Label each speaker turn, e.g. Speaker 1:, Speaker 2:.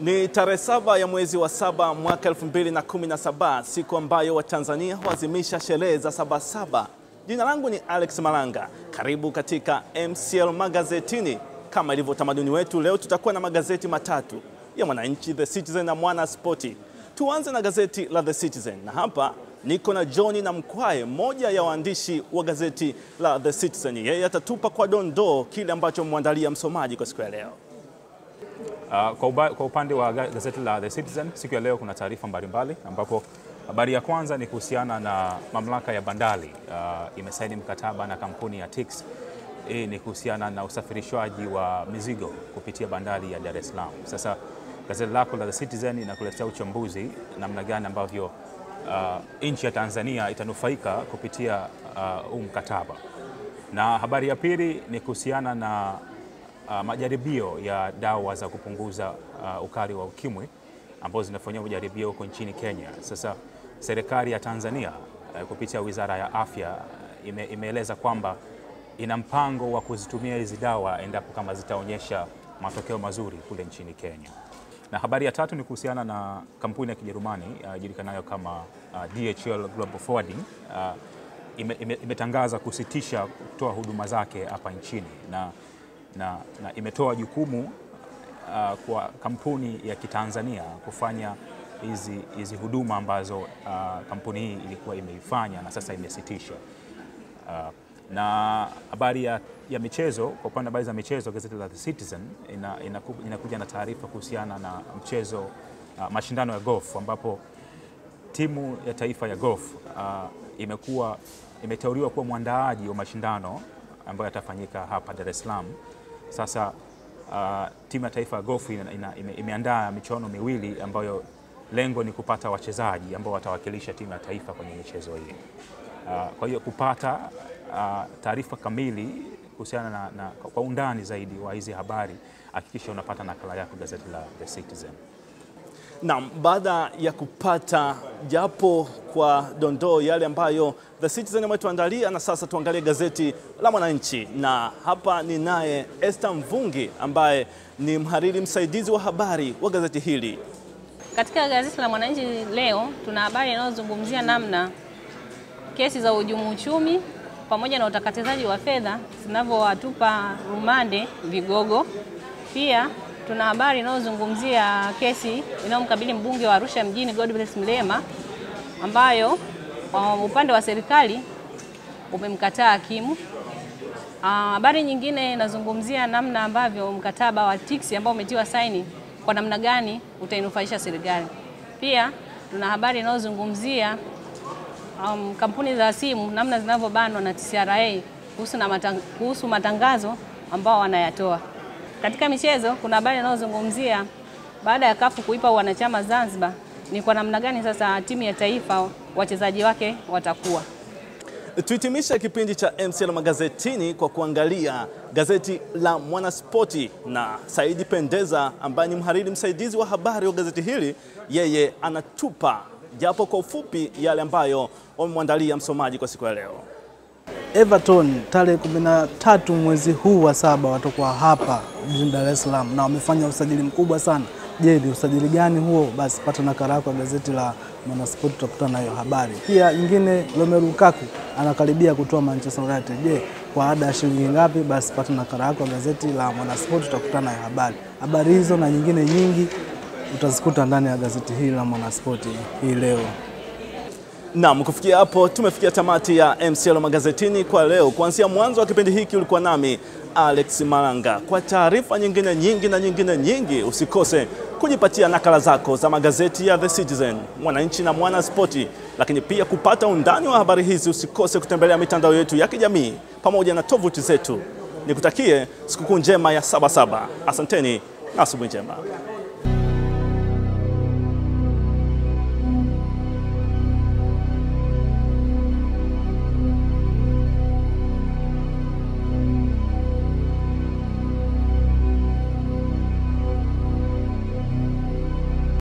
Speaker 1: Ni tarehe saba ya mwezi wa saba mwaka elfu mbili na kumi na saba siku ambayo Watanzania huazimisha sherehe za Sabasaba. Jina langu ni Alex Malanga, karibu katika MCL Magazetini. Kama ilivyo utamaduni wetu, leo tutakuwa na magazeti matatu ya Mwananchi, The Citizen na Mwana Spoti. Tuanze na gazeti la The Citizen, na hapa niko na John na Mkwae, mmoja ya waandishi wa gazeti la The Citizen. Yeye atatupa kwa dondoo kile ambacho mwandalia msomaji kwa siku ya leo.
Speaker 2: Uh, kwa, uba, kwa upande wa gazeti la The Citizen siku ya leo kuna taarifa mbalimbali, ambapo habari ya kwanza ni kuhusiana na mamlaka ya bandari uh, imesaini mkataba na kampuni ya Tix. Hii ni kuhusiana na usafirishwaji wa mizigo kupitia bandari ya Dar es Salaam. Sasa gazeti lako la The Citizen inakuletea uchambuzi namna gani ambavyo uh, nchi ya Tanzania itanufaika kupitia uh, huu uh, mkataba, na habari ya pili ni kuhusiana na uh, majaribio ya dawa za kupunguza uh, ukali wa ukimwi ambazo zinafanyiwa majaribio huko nchini Kenya. Sasa serikali ya Tanzania uh, kupitia Wizara ya Afya uh, ime, imeeleza kwamba ina mpango wa kuzitumia hizi dawa endapo kama zitaonyesha matokeo mazuri kule nchini Kenya. Na habari ya tatu ni kuhusiana na kampuni ya Kijerumani uh, kama uh, DHL Global Forwarding uh, imetangaza ime, ime kusitisha kutoa huduma zake hapa nchini na na, na imetoa jukumu uh, kwa kampuni ya Kitanzania kufanya hizi hizi huduma ambazo uh, kampuni hii ilikuwa imeifanya na sasa imesitisha. Uh, na habari ya, ya michezo kwa upande habari za michezo, gazeti la The Citizen ina, inaku, inakuja na taarifa kuhusiana na mchezo uh, mashindano ya golf ambapo timu ya taifa ya golf uh, imekuwa imeteuliwa kuwa mwandaaji wa mashindano ambayo yatafanyika hapa Dar es Salaam. Sasa uh, timu ya taifa ya gofu imeandaa michuano miwili ambayo lengo ni kupata wachezaji ambao watawakilisha timu ya taifa kwenye michezo hii. Uh, kwa hiyo kupata uh, taarifa kamili kuhusiana na, na kwa undani zaidi wa hizi habari, hakikisha unapata nakala yako gazeti la The Citizen.
Speaker 1: Naam, baada ya kupata japo kwa dondoo yale ambayo The Citizen ametuandalia, na sasa tuangalie gazeti la Mwananchi, na hapa ni naye Esther Mvungi ambaye ni mhariri msaidizi wa habari wa gazeti hili.
Speaker 3: Katika gazeti la Mwananchi leo tuna habari inayozungumzia namna kesi za uhujumu uchumi pamoja na utakatizaji wa fedha zinavyowatupa rumande vigogo. Pia tuna habari inayozungumzia kesi inayomkabili mbunge wa Arusha mjini Godbless Mlema ambayo kwa upande wa serikali umemkataa hakimu. Ah, habari nyingine inazungumzia namna ambavyo mkataba wa TICS ambao umetiwa saini kwa namna gani utainufaisha serikali. Pia tuna habari inayozungumzia um, kampuni za simu namna zinavyobanwa na TCRA kuhusu, na matang kuhusu matangazo ambao wanayatoa. Katika michezo kuna habari inayozungumzia baada ya kafu kuipa wanachama Zanzibar, ni kwa namna gani sasa timu ya taifa wachezaji wake watakuwa.
Speaker 1: Tuhitimishe kipindi cha MCL magazetini kwa kuangalia gazeti la Mwanaspoti na Saidi Pendeza ambaye ni mhariri msaidizi wa habari wa gazeti hili. Yeye anatupa japo kwa ufupi yale ambayo wamemwandalia msomaji kwa siku ya leo.
Speaker 4: Everton tarehe 13 mwezi huu wa saba watakuwa hapa jijini Dar es Salaam na wamefanya usajili mkubwa sana. Je, ni usajili gani huo? Basi pata nakala yako ya gazeti la Mwanaspoti, utakutana nayo habari. Pia nyingine, Romelu Lukaku anakaribia kutoa Manchester United. Je, kwa ada ya shilingi ngapi? Basi pata nakala yako ya gazeti la Mwanaspoti, utakutana nayo habari. Habari hizo na nyingine nyingi utazikuta ndani ya gazeti hili la Mwanaspoti hii leo.
Speaker 1: Naam, kufikia hapo tumefikia tamati ya MCL magazetini kwa leo. Kuanzia mwanzo wa kipindi hiki ulikuwa nami Alex Malanga. Kwa taarifa nyingine nyingi na nyingine nyingi, usikose kujipatia nakala zako za magazeti ya The Citizen, Mwananchi na Mwana Spoti. Lakini pia kupata undani wa habari hizi, usikose kutembelea mitandao yetu ya kijamii pamoja na tovuti zetu. Nikutakie sikukuu njema ya Sabasaba. Asanteni na asubuhi njema.